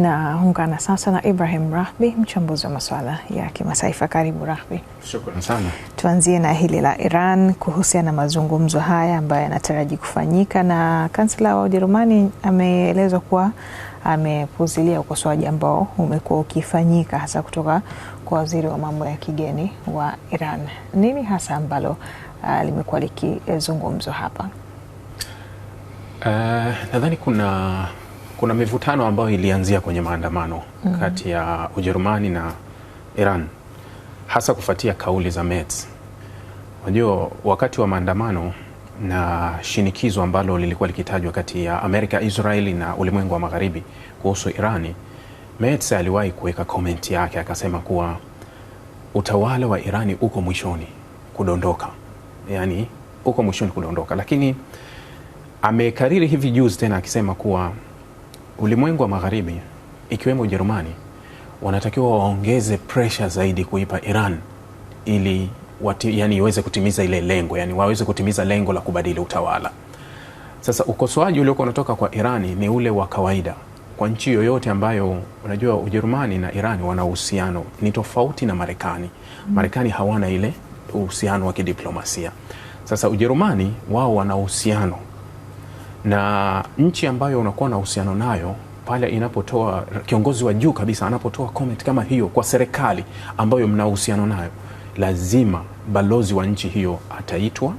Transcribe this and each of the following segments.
na ungana sasa na Ibrahim Rahbi, mchambuzi wa masuala ya kimataifa. Karibu Rahbi. Shukrani sana. Tuanzie na hili la Iran kuhusiana na mazungumzo haya ambayo yanataraji kufanyika, na kansela wa Ujerumani ameelezwa kuwa amepuzilia ukosoaji ambao umekuwa ukifanyika hasa kutoka kwa waziri wa mambo ya kigeni wa Iran. Nini hasa ambalo uh, limekuwa likizungumzwa hapa? Uh, nadhani kuna kuna mivutano ambayo ilianzia kwenye maandamano mm -hmm. kati ya Ujerumani na Iran hasa kufuatia kauli za Merz. Unajua, wakati wa maandamano na shinikizo ambalo lilikuwa likitajwa kati ya Amerika, Israeli na ulimwengu wa magharibi kuhusu Irani, Merz aliwahi kuweka komenti yake akasema kuwa utawala wa Irani uko mwishoni kudondoka, yani uko mwishoni kudondoka, lakini amekariri hivi juzi tena akisema kuwa ulimwengu wa magharibi ikiwemo Ujerumani wanatakiwa waongeze presha zaidi kuipa Iran ili wati, yani iweze kutimiza ile lengo, yani waweze kutimiza lengo la kubadili utawala. Sasa ukosoaji uliokuwa unatoka kwa Irani ni ule wa kawaida kwa nchi yoyote ambayo unajua Ujerumani na Irani wana uhusiano, ni tofauti na Marekani. Mm-hmm. Marekani hawana ile uhusiano wa kidiplomasia. Sasa Ujerumani wao wana uhusiano na nchi ambayo unakuwa na uhusiano nayo pale inapotoa kiongozi wa juu kabisa anapotoa comment kama hiyo kwa serikali ambayo mna uhusiano nayo, lazima balozi wa nchi hiyo ataitwa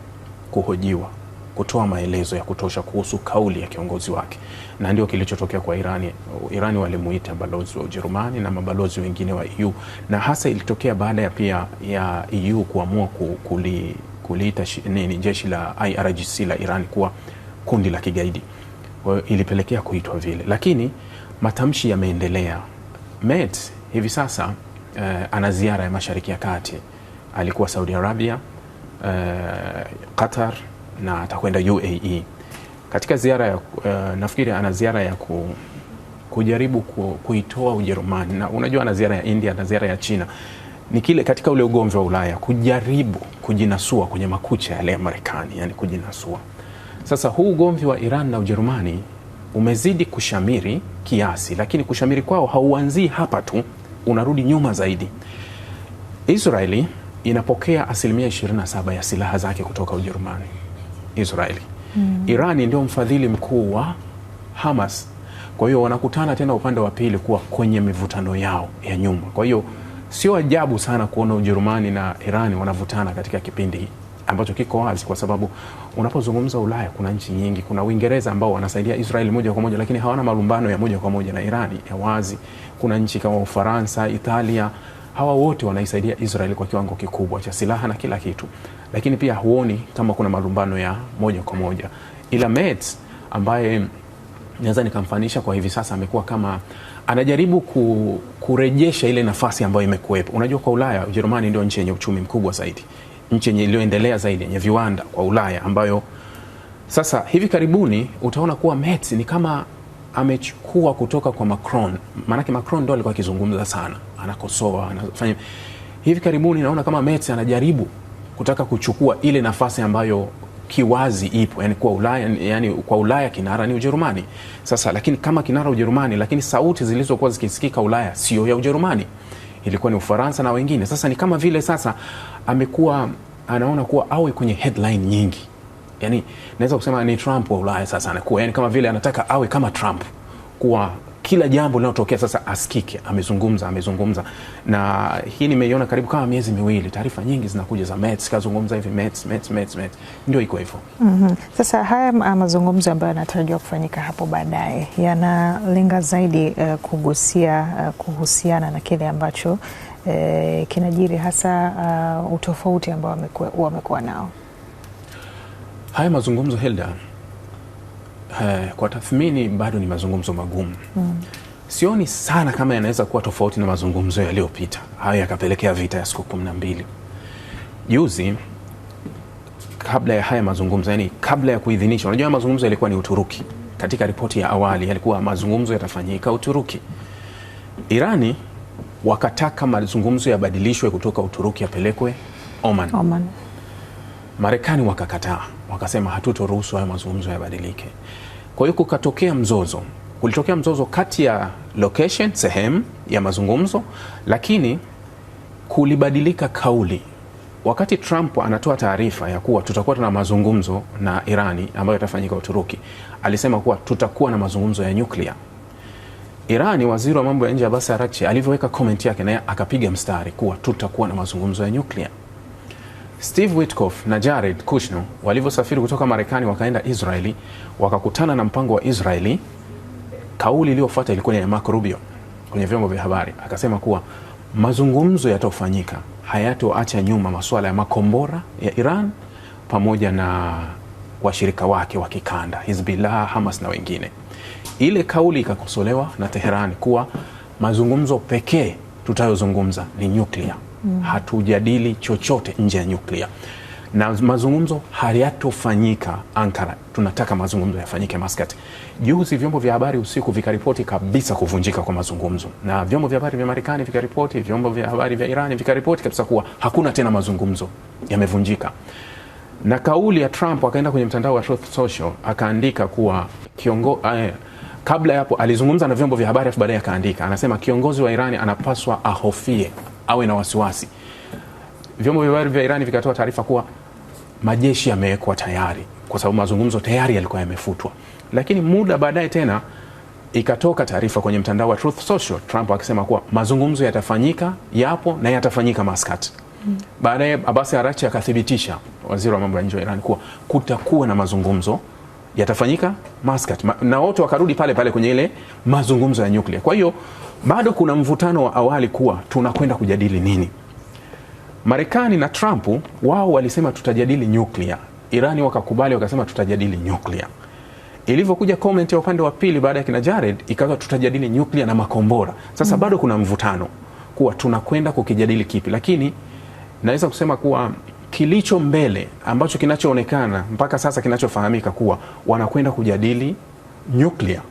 kuhojiwa, kutoa maelezo ya kutosha kuhusu kauli ya kiongozi wake, na ndio kilichotokea kwa Irani. Irani walimuita balozi wa Ujerumani na mabalozi wengine wa EU, na hasa ilitokea baada ya pia ya EU kuamua kuli, kuliita nini jeshi la IRGC la Irani kuwa kundi la kigaidi. Kwa hiyo ilipelekea kuitwa vile, lakini matamshi yameendelea. Met hivi sasa uh, ana ziara ya Mashariki ya Kati, alikuwa Saudi Arabia, uh, Qatar na atakwenda UAE katika ziara ya uh, nafikiri ana ziara ya ku, kujaribu ku, kuitoa Ujerumani na unajua, ana ziara ya India na ziara ya China ni kile katika ule ugomvi wa Ulaya kujaribu kujinasua kwenye makucha yale ya Marekani, yani kujinasua sasa huu ugomvi wa Iran na Ujerumani umezidi kushamiri kiasi, lakini kushamiri kwao hauanzii hapa tu, unarudi nyuma zaidi. Israeli inapokea asilimia 27 ya silaha zake kutoka Ujerumani. Israeli mm. Irani ndio mfadhili mkuu wa Hamas, kwa hiyo wanakutana tena upande wa pili kuwa kwenye mivutano yao ya nyuma. Kwa hiyo sio ajabu sana kuona Ujerumani na Irani wanavutana katika kipindi hiki ambacho kiko wazi, kwa sababu unapozungumza Ulaya kuna nchi nyingi. Kuna Uingereza ambao wanasaidia Israel moja kwa moja, lakini hawana malumbano ya moja kwa moja na Irani ya wazi. Kuna nchi kama Ufaransa, Italia, hawa wote wanaisaidia Israel kwa kiwango kikubwa cha silaha na kila kitu, lakini pia huoni kama kuna malumbano ya moja kwa moja, ila Merz ambaye naweza nikamfanisha kwa hivi sasa amekuwa kama anajaribu ku, kurejesha ile nafasi ambayo imekuwepo. Unajua, kwa Ulaya Ujerumani ndio nchi yenye uchumi mkubwa zaidi nchi yenye iliyoendelea zaidi yenye viwanda kwa Ulaya, ambayo sasa hivi karibuni utaona kuwa Metz ni kama amechukua kutoka kwa Macron, maanake Macron ndo alikuwa akizungumza sana, anakosoa, anafanya hivi karibuni. Naona kama Metz anajaribu kutaka kuchukua ile nafasi ambayo kiwazi ipo, yani kwa Ulaya, yani kwa Ulaya kinara ni Ujerumani sasa, lakini kama kinara Ujerumani, lakini sauti zilizokuwa zikisikika Ulaya sio ya Ujerumani ilikuwa ni Ufaransa na wengine. Sasa ni kama vile sasa amekuwa anaona kuwa awe kwenye headline nyingi, yani naweza kusema ni Trump wa Ulaya. Sasa anakuwa yani kama vile anataka awe kama Trump kuwa kila jambo linalotokea sasa askike amezungumza amezungumza. Na hii nimeiona karibu kama miezi miwili, taarifa nyingi zinakuja za Mets, kazungumza hivi Mets, Mets, Mets, Mets, ndio iko hivyo mm -hmm. Sasa haya ah, mazungumzo ambayo yanatarajiwa kufanyika hapo baadaye yanalenga zaidi uh, kugusia uh, kuhusiana na kile ambacho uh, kinajiri hasa uh, utofauti ambao wamekuwa nao haya mazungumzo Hilda Eh, kwa tathmini bado ni mazungumzo magumu mm. Sioni sana kama yanaweza kuwa tofauti na mazungumzo yaliyopita, hayo yakapelekea vita ya siku kumi na mbili juzi kabla ya haya mazungumzo, yani kabla ya kuidhinishwa. Unajua mazungumzo yalikuwa ni Uturuki. Katika ripoti ya awali yalikuwa mazungumzo yatafanyika Uturuki. Irani wakataka mazungumzo yabadilishwe kutoka Uturuki yapelekwe Oman. Oman. Marekani wakakataa wakasema hatutoruhusu hayo mazungumzo yabadilike. Kwa hiyo kukatokea mzozo, kulitokea mzozo kati ya location, sehemu ya mazungumzo, lakini kulibadilika kauli wakati Trump anatoa taarifa ya kuwa tutakuwa tuna mazungumzo na Irani ambayo yatafanyika Uturuki, alisema kuwa tutakuwa na mazungumzo ya nyuklia. Irani, waziri wa mambo ya nje Abbas Araghchi alivyoweka komenti yake, naye akapiga mstari kuwa tutakuwa na mazungumzo ya nyuklia. Steve Witkoff na Jared Kushner walivyosafiri kutoka Marekani wakaenda Israeli wakakutana na mpango wa Israeli, kauli iliyofuata ilikuwa ni ya Marco Rubio kwenye vyombo vya habari, akasema kuwa mazungumzo yatofanyika hayatoacha nyuma masuala ya makombora ya Iran pamoja na washirika wake wa kikanda Hizbullah, Hamas na wengine. Ile kauli ikakosolewa na Teherani kuwa mazungumzo pekee tutayozungumza ni nyuklia mm. hatujadili chochote nje ya nyuklia na mazungumzo hayatofanyika Ankara. Tunataka mazungumzo yafanyike Maskati. Juzi vyombo vya habari usiku vikaripoti kabisa kuvunjika kwa mazungumzo, na vyombo vya habari vya Marekani vikaripoti, vyombo vya habari vya Irani vikaripoti kabisa kuwa hakuna tena mazungumzo, yamevunjika. Na kauli ya Trump, akaenda kwenye mtandao wa Truth Social akaandika kuwa kiongo, eh, kabla ya hapo alizungumza na vyombo vya habari afu baadaye akaandika, anasema kiongozi wa Irani anapaswa ahofie awe na wasiwasi. Vyombo vya habari vya Irani vikatoa taarifa kuwa majeshi yamewekwa tayari, kwa sababu mazungumzo tayari yalikuwa yamefutwa, lakini muda baadaye tena ikatoka taarifa kwenye mtandao wa Truth Social, Trump akisema kuwa mazungumzo yatafanyika, yapo na yatafanyika Maskat. Mm. Baadaye Abbas Arachi akathibitisha, waziri wa mambo ya nje wa Iran, kuwa kutakuwa na mazungumzo yatafanyika Muscat, na wote wakarudi pale pale kwenye ile mazungumzo ya nyuklia. Kwa hiyo bado kuna mvutano wa awali kuwa tunakwenda kujadili nini. Marekani na Trump wao walisema tutajadili nyuklia, Irani wakakubali wakasema tutajadili nyuklia. Ilivyokuja comment ya upande wa pili baada ya kina Jared ikawa tutajadili nyuklia na makombora. Sasa mm. bado kuna mvutano kuwa tunakwenda kukijadili kipi, lakini naweza kusema kuwa kilicho mbele ambacho kinachoonekana mpaka sasa kinachofahamika kuwa wanakwenda kujadili nyuklia,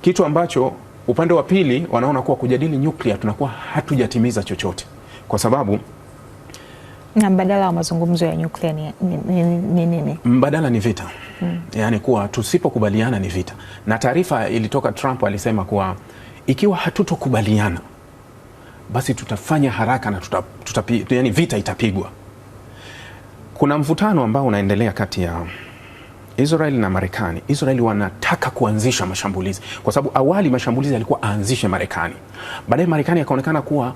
kitu ambacho Upande wa pili wanaona kuwa kujadili nyuklia tunakuwa hatujatimiza chochote kwa sababu na mbadala wa mazungumzo ya nyuklia ni nini? Ni, ni, ni. Mbadala ni vita hmm. Yaani kuwa tusipokubaliana ni vita, na taarifa ilitoka, Trump alisema kuwa ikiwa hatutokubaliana basi tutafanya haraka na tuta, tuta, yani vita itapigwa. Kuna mvutano ambao unaendelea kati ya Israel na Marekani. Israel wanataka kuanzisha mashambulizi kwa sababu awali mashambulizi yalikuwa aanzishe Marekani, baadaye Marekani akaonekana kuwa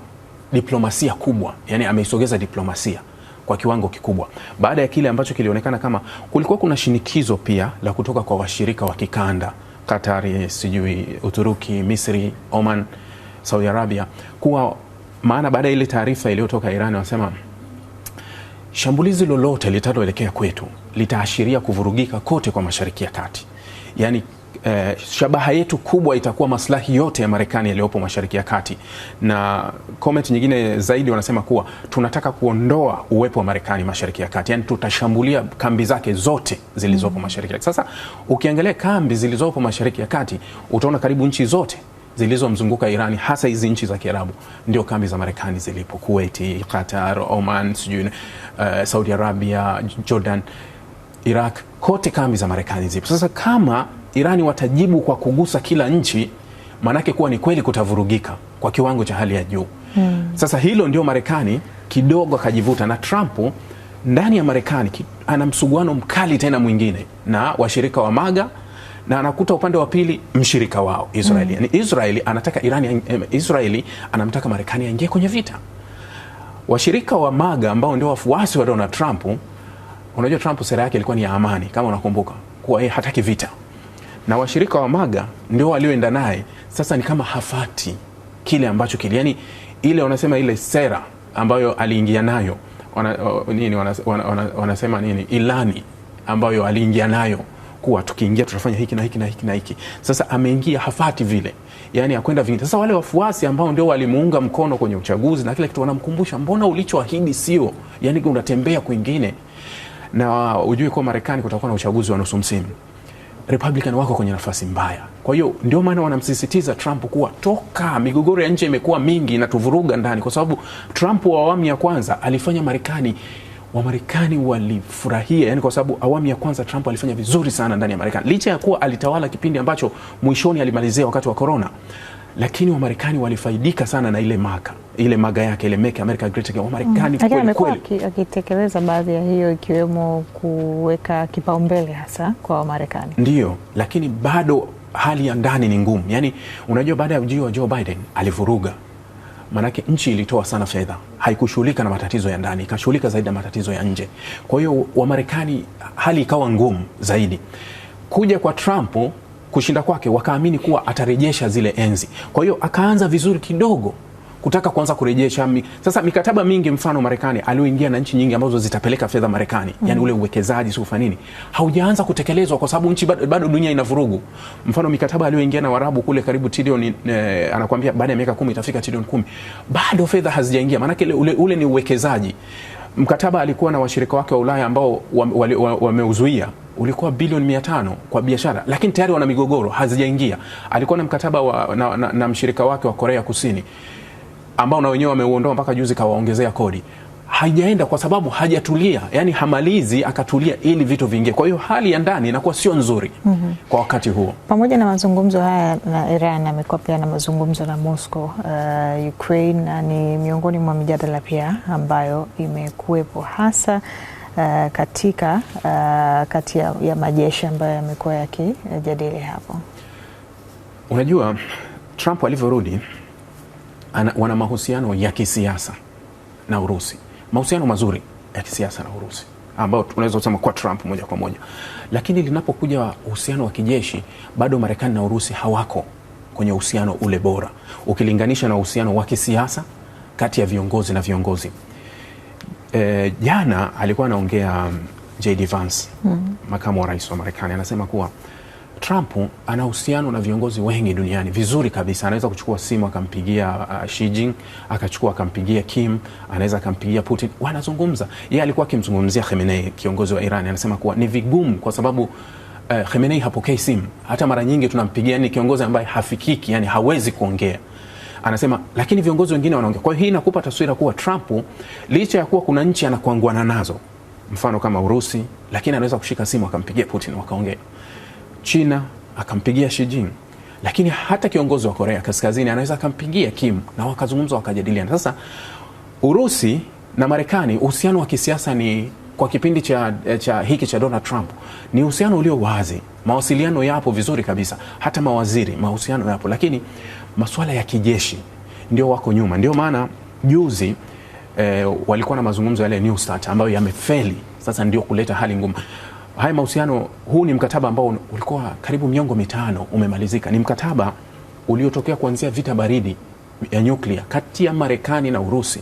diplomasia kubwa, yani ameisogeza diplomasia kwa kiwango kikubwa, baada ya kile ambacho kilionekana kama kulikuwa kuna shinikizo pia la kutoka kwa washirika wa kikanda Qatar, sijui Uturuki, Misri, Oman, Saudi Arabia kuwa maana, baada ya ile taarifa iliyotoka Iran wanasema shambulizi lolote litaloelekea kwetu litaashiria kuvurugika kote kwa Mashariki ya Kati. Yaani eh, shabaha yetu kubwa itakuwa maslahi yote ya Marekani yaliyopo Mashariki ya Kati. Na comment nyingine zaidi wanasema kuwa tunataka kuondoa uwepo wa Marekani Mashariki ya Kati, yaani tutashambulia kambi zake zote zilizopo mm. Mashariki ya Kati. Sasa ukiangalia kambi zilizopo Mashariki ya Kati utaona karibu nchi zote zilizomzunguka Irani hasa hizi nchi za Kiarabu ndio kambi za Marekani zilipo: Kuwaiti, Qatar, Oman, sijui uh, Saudi Arabia, Jordan. Iraq, kote kambi za Marekani zipo. Sasa kama Irani watajibu kwa kugusa kila nchi, maanake kuwa ni kweli kutavurugika kwa kiwango cha hali ya juu hmm. Sasa hilo ndio Marekani kidogo akajivuta, na Trump ndani ya Marekani ana msuguano mkali tena mwingine na washirika wa MAGA na anakuta upande wa pili mshirika wao Israeli. Mm. Israeli anataka Irani, Israeli anamtaka Marekani aingie kwenye vita. Washirika wa MAGA ambao ndio wafuasi wa Donald Trump Unajua Trump sera yake ilikuwa ni ya amani, kama unakumbuka kuwa yeye hataki vita, na washirika wa MAGA ndio walioenda naye. Sasa ni kama hafati kile ambacho kile, yani ile wanasema ile sera ambayo aliingia nayo wana, nini, wana, wana, wanasema nini, ilani ambayo aliingia nayo kuwa tukiingia tutafanya hiki na hiki na hiki na hiki. Sasa ameingia hafati vile, yani akwenda vingine. Sasa wale wafuasi ambao ndio walimuunga mkono kwenye uchaguzi na kila kitu, wanamkumbusha mbona ulichoahidi sio, yani unatembea kwingine na ujue kuwa Marekani kutakuwa na uchaguzi wa nusu msimu. Republican wako kwenye nafasi mbaya. Kwa hiyo ndio maana wanamsisitiza Trump kuwa toka, migogoro ya nje imekuwa mingi inatuvuruga ndani, kwa sababu Trump wa awamu ya kwanza alifanya Marekani Wamarekani walifurahia, yani kwa sababu awamu ya kwanza Trump alifanya vizuri sana ndani ya Marekani, licha ya kuwa alitawala kipindi ambacho mwishoni alimalizia wakati wa corona lakini Wamarekani walifaidika sana na ile maka ile maga yake ile make America great again. Wamarekani mm, kweli kweli akitekeleza baadhi ya hiyo ikiwemo kuweka kipaumbele hasa kwa Wamarekani ndio, lakini bado hali ya ndani ni ngumu. Yani unajua, baada ya ujio wa Joe Biden alivuruga, maanake nchi ilitoa sana fedha, haikushughulika na matatizo ya ndani, ikashughulika zaidi na matatizo ya nje. Kwa hiyo Wamarekani hali ikawa ngumu zaidi. Kuja kwa Trump kushinda kwake wakaamini kuwa atarejesha zile enzi. Kwa hiyo akaanza vizuri kidogo kutaka kuanza kurejesha. mi... Sasa mikataba mingi, mfano Marekani aliyoingia na nchi nyingi ambazo zitapeleka fedha Marekani, mm. yani ule uwekezaji sio nini haujaanza kutekelezwa kwa sababu nchi bado, bado dunia ina vurugu. Mfano mikataba aliyoingia na Warabu kule karibu trilioni eh, anakuambia baada ya miaka kumi itafika trilioni kumi, bado fedha hazijaingia, maanake ule, ule ni uwekezaji. Mkataba alikuwa na washirika wake wa Ulaya ambao wameuzuia wa, wa, wa, wa ulikuwa bilioni tano kwa biashara, lakini tayari wana migogoro hazijaingia. Alikuwa na mkataba wa, na, na, na mshirika wake wa Korea Kusini ambao na wenyewe wameuondoa mpaka juzi kawaongezea kodi haijaenda kwa sababu hajatulia, yani hamalizi akatulia ili vitu viingie. Kwa hiyo hali ya ndani inakuwa sio nzuri mm -hmm. kwa wakati huo, pamoja na mazungumzo haya na Iran, amekuwa pia na mazungumzo na Moscow uh, Ukraine, na ni miongoni mwa mijadala pia ambayo imekuwepo hasa uh, katika uh, kati ya, ya majeshi ambayo yamekuwa yakijadili hapo. Unajua, Trump alivyorudi wana mahusiano ya kisiasa na Urusi, mahusiano mazuri ya kisiasa na Urusi ambao unaweza kusema kwa Trump moja kwa moja, lakini linapokuja uhusiano wa kijeshi bado Marekani na Urusi hawako kwenye uhusiano ule bora ukilinganisha na uhusiano wa kisiasa kati ya viongozi na viongozi. E, jana alikuwa anaongea mm, JD Vance mm. makamu wa rais wa Marekani, anasema kuwa Trump ana uhusiano na viongozi wengi duniani vizuri kabisa. Anaweza kuchukua simu akampigia uh, Xi Jinping, akachukua akampigia Kim, anaweza akampigia Putin, wanazungumza. Yeye alikuwa akimzungumzia Khamenei, kiongozi wa Iran, anasema kuwa ni vigumu kwa sababu uh, Khamenei hapokei simu, hata mara nyingi tunampigia ni kiongozi ambaye hafikiki, yani hawezi kuongea anasema lakini viongozi wengine wanaongea. Kwa hiyo hii inakupa taswira kuwa Trump licha ya kuwa kuna nchi anakuanguana nazo, mfano kama Urusi, lakini anaweza kushika simu akampigia Putin wakaongea. China akampigia Xi Jinping lakini hata kiongozi wa Korea Kaskazini anaweza akampigia Kim na wakazungumza wakajadiliana. Sasa Urusi na Marekani, uhusiano wa kisiasa ni kwa kipindi cha, cha hiki cha Donald Trump ni uhusiano ulio wazi, mawasiliano yapo vizuri kabisa, hata mawaziri mahusiano yapo, lakini masuala ya kijeshi ndio wako nyuma. Ndio maana juzi eh, walikuwa na mazungumzo yale New Start ambayo yamefeli, sasa ndio kuleta hali ngumu haya mahusiano. Huu ni mkataba ambao ulikuwa karibu miongo mitano umemalizika, ni mkataba uliotokea kuanzia vita baridi ya nyuklia kati ya Marekani na Urusi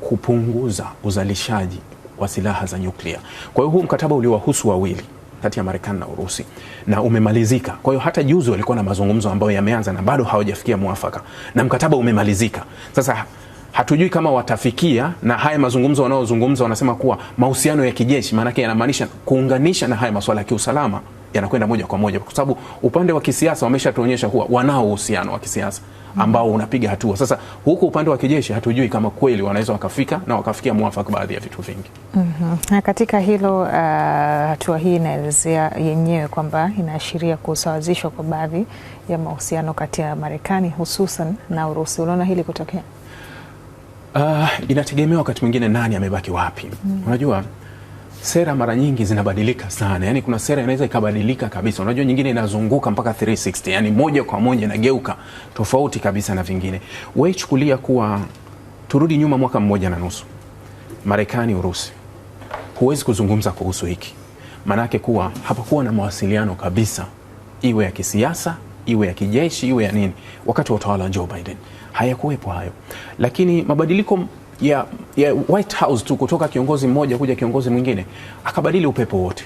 kupunguza uzalishaji wa silaha za nyuklia. Kwa hiyo huu mkataba uliwahusu wawili kati ya Marekani na Urusi na umemalizika. Kwa hiyo hata juzi walikuwa na mazungumzo ambayo yameanza na bado hawajafikia mwafaka, na mkataba umemalizika. Sasa hatujui kama watafikia na haya mazungumzo wanaozungumza, wanasema kuwa mahusiano ya kijeshi, maanake yanamaanisha kuunganisha na haya masuala ya kiusalama yanakwenda moja kwa moja, kwa sababu upande wa kisiasa wameshatuonyesha kuwa wanao uhusiano wa kisiasa ambao unapiga hatua. Sasa huku upande wa kijeshi hatujui kama kweli wanaweza wakafika na wakafikia mwafaka baadhi ya vitu vingi. mm -hmm. katika hilo uh, hatua hii inaelezea yenyewe kwamba inaashiria kusawazishwa kwa baadhi ya mahusiano kati ya Marekani hususan na Urusi. Unaona hili kutokea, uh, inategemea wakati mwingine nani amebaki wapi. mm -hmm. unajua sera mara nyingi zinabadilika sana, yani kuna sera inaweza ikabadilika kabisa. Unajua nyingine inazunguka mpaka 360, yani moja kwa moja inageuka tofauti kabisa na vingine. Wewe chukulia kuwa turudi nyuma mwaka mmoja na nusu, Marekani Urusi, huwezi kuzungumza kuhusu hiki, maanake kuwa hapakuwa na mawasiliano kabisa, iwe ya kisiasa iwe ya kijeshi iwe ya nini, wakati wa utawala wa Joe Biden hayakuwepo hayo, lakini mabadiliko ya, ya White House tu kutoka kiongozi mmoja kuja kiongozi mwingine akabadili upepo wote.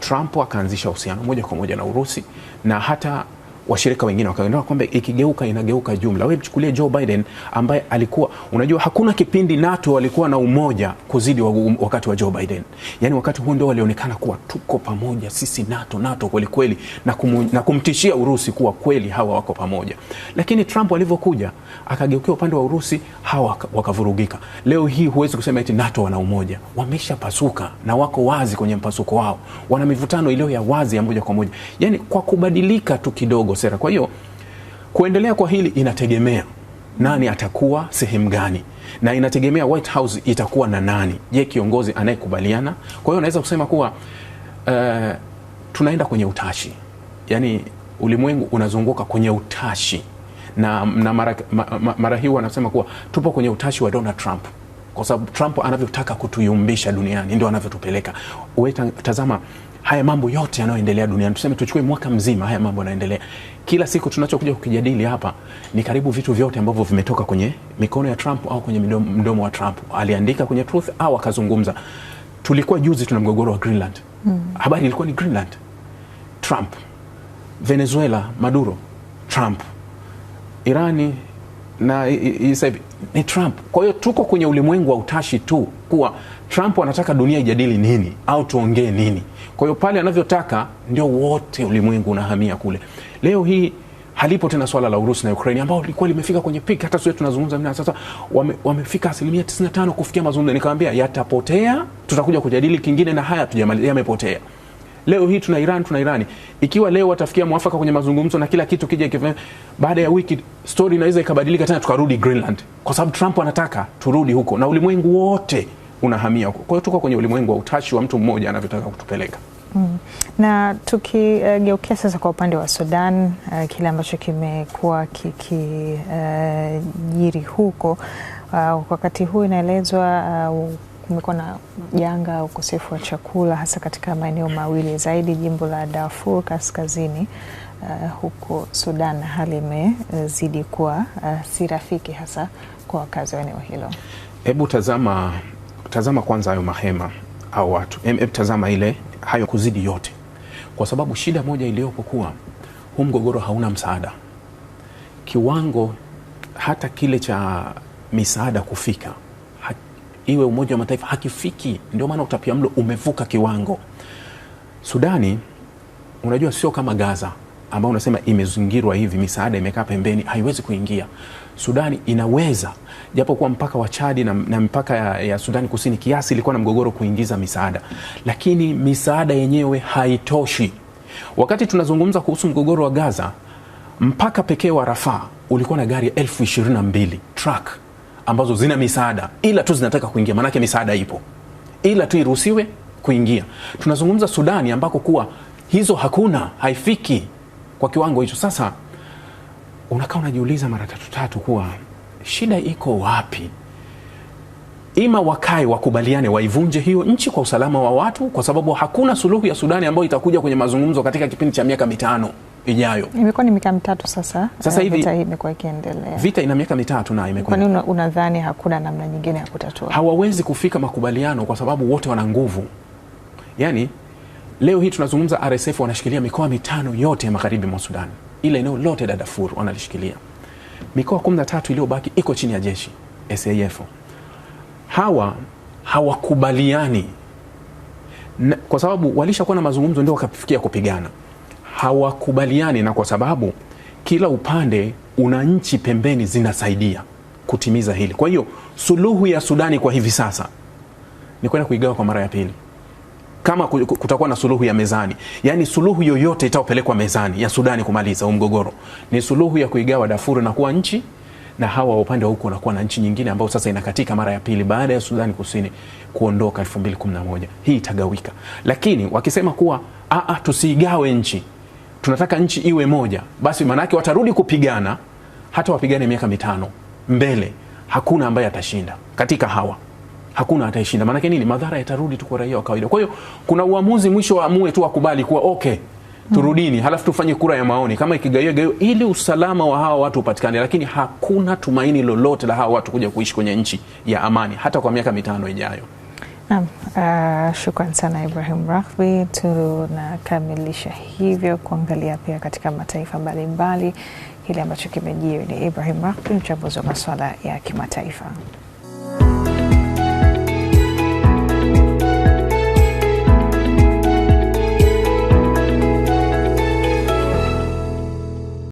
Trump akaanzisha uhusiano moja kwa moja na Urusi na hata washirika wengine wakaelewa kwamba ikigeuka inageuka jumla. Wewe mchukulie Joe Biden ambaye alikuwa, unajua hakuna kipindi NATO walikuwa na umoja kuzidi wa, um, wakati wa Joe Biden. Yani wakati huo ndio walionekana kuwa tuko pamoja sisi NATO NATO kweli kweli, na, kum, na kumtishia Urusi kuwa kweli hawa wako pamoja, lakini Trump alivyokuja akageukia upande wa Urusi hawa wakavurugika. Leo hii huwezi kusema eti NATO wana umoja, wameshapasuka na wako wazi kwenye mpasuko wao, wana mivutano iliyo ya wazi ya moja kwa moja, yani kwa kubadilika tu kidogo wa sera. Kwa hiyo kuendelea kwa hili inategemea nani atakuwa sehemu gani, na inategemea White House itakuwa na nani. Je, kiongozi anayekubaliana? Kwa hiyo naweza kusema kuwa uh, tunaenda kwenye utashi, yaani ulimwengu unazunguka kwenye utashi na, na mara, ma, mara hii wanasema kuwa tupo kwenye utashi wa Donald Trump kwa sababu Trump anavyotaka kutuyumbisha duniani ndio anavyotupeleka. Wewe tazama haya mambo yote yanayoendelea duniani, tuseme tuchukue mwaka mzima, haya mambo yanaendelea kila siku. Tunachokuja kukijadili hapa ni karibu vitu vyote ambavyo vimetoka kwenye mikono ya Trump au kwenye mdomo, mdomo wa Trump, aliandika kwenye Truth au akazungumza. Tulikuwa juzi tuna mgogoro wa Greenland hmm. habari ilikuwa ni Greenland, Trump. Venezuela, Maduro, Trump. Irani na ni Trump. Kwa hiyo tuko kwenye ulimwengu wa utashi tu kuwa Trump anataka dunia ijadili nini au tuongee nini? Kwa hiyo pale anavyotaka ndio wote ulimwengu unahamia kule. Leo hii halipo tena swala la Urusi na Ukraini ambao lilikuwa limefika kwenye pik hata sasa tunazungumza mna sasa wame, wamefika asilimia 95 kufikia mazungumzo. nikawambia yatapotea, tutakuja kujadili kingine, na haya tujamalizia, yamepotea. Leo hii tuna Iran, tuna Irani. Ikiwa leo watafikia mwafaka kwenye mazungumzo na kila kitu kija kifanya, baada ya wiki story inaweza ikabadilika tena, tukarudi Greenland, kwa sababu Trump anataka turudi huko na ulimwengu wote unahamia huko. Kwa hiyo tuko kwenye ulimwengu wa utashi wa mtu mmoja anavyotaka kutupeleka. Mm. Na tukigeukia uh, sasa kwa upande wa Sudan uh, kile ambacho kimekuwa kikijiri uh, huko uh, wakati huu inaelezwa uh, kumekuwa na janga, ukosefu wa chakula hasa katika maeneo mawili zaidi, jimbo la Darfur kaskazini uh, huko Sudan, hali imezidi uh, kuwa uh, si rafiki hasa kwa wakazi wa eneo hilo. Hebu tazama tazama kwanza hayo mahema au watu M, tazama ile hayo kuzidi yote, kwa sababu shida moja iliyopo kuwa huu mgogoro hauna msaada kiwango hata kile cha misaada kufika ha, iwe Umoja wa Mataifa hakifiki. Ndio maana utapia mlo umevuka kiwango. Sudani unajua sio kama Gaza ambao unasema imezingirwa hivi, misaada imekaa pembeni, haiwezi kuingia. Sudani inaweza japo kuwa mpaka wa Chadi na, na mpaka ya, ya Sudani Kusini kiasi ilikuwa na mgogoro kuingiza misaada, lakini misaada yenyewe haitoshi. Wakati tunazungumza kuhusu mgogoro wa Gaza, mpaka pekee wa Rafaa ulikuwa na gari elfu ishirini na mbili truck ambazo zina misaada, ila tu zinataka kuingia, maanake misaada ipo, ila tu iruhusiwe kuingia. Tunazungumza Sudani ambako kuwa hizo hakuna, haifiki kwa kiwango hicho. Sasa unakaa unajiuliza mara tatu tatu kuwa shida iko wapi? Ima wakae wakubaliane, waivunje hiyo nchi kwa usalama wa watu, kwa sababu hakuna suluhu ya Sudani ambayo itakuja kwenye mazungumzo katika kipindi cha miaka mitano ijayo. Imekuwa ni miaka mitatu sasa, eh, sasa hivi vita imekuwa ikiendelea. Vita ina miaka mitatu na imekuwa. Kwa nini unadhani hakuna namna nyingine ya kutatua? Hawawezi kufika makubaliano kwa sababu wote wana nguvu, yani Leo hii tunazungumza, RSF wanashikilia mikoa mitano yote ya magharibi mwa Sudan, ila eneo lote la Darfur wanalishikilia. Mikoa kumi na tatu iliyobaki iko chini ya jeshi SAF. Hawa hawakubaliani na, kwa sababu walishakuwa na mazungumzo ndio wakafikia kupigana. Hawakubaliani na kwa sababu kila upande una nchi pembeni zinasaidia kutimiza hili. Kwa hiyo suluhu ya Sudani kwa hivi sasa ni kwenda kuigawa kwa mara ya pili kama kutakuwa na suluhu ya mezani, yani suluhu yoyote itaopelekwa mezani ya Sudani kumaliza huu mgogoro ni suluhu ya kuigawa Darfur na kuwa nchi na hawa wa upande wa huku wanakuwa na nchi nyingine ambayo sasa inakatika mara ya pili baada ya Sudani Kusini kuondoka 2011 hii itagawika. Lakini wakisema kuwa a, ah, ah, tusiigawe nchi, tunataka nchi iwe moja, basi maanake watarudi kupigana, hata wapigane miaka mitano mbele, hakuna ambaye atashinda katika hawa hakuna ataishinda. Maanake nini? Madhara yatarudi tu kwa raia wa kawaida. Kwa hiyo kuna uamuzi mwisho, wa amue tu wakubali kuwa okay turudini halafu tufanye kura ya maoni kama ikigaiwa gaiwa, ili usalama wa hawa watu upatikane, lakini hakuna tumaini lolote la hawa watu kuja kuishi kwenye nchi ya amani hata kwa miaka mitano ijayo. Naam, uh, shukran sana Ibrahim Rahbi. Tunakamilisha hivyo kuangalia pia katika mataifa mbalimbali kile ambacho kimejiri. Ni Ibrahim Rahbi, mchambuzi wa masuala ya kimataifa.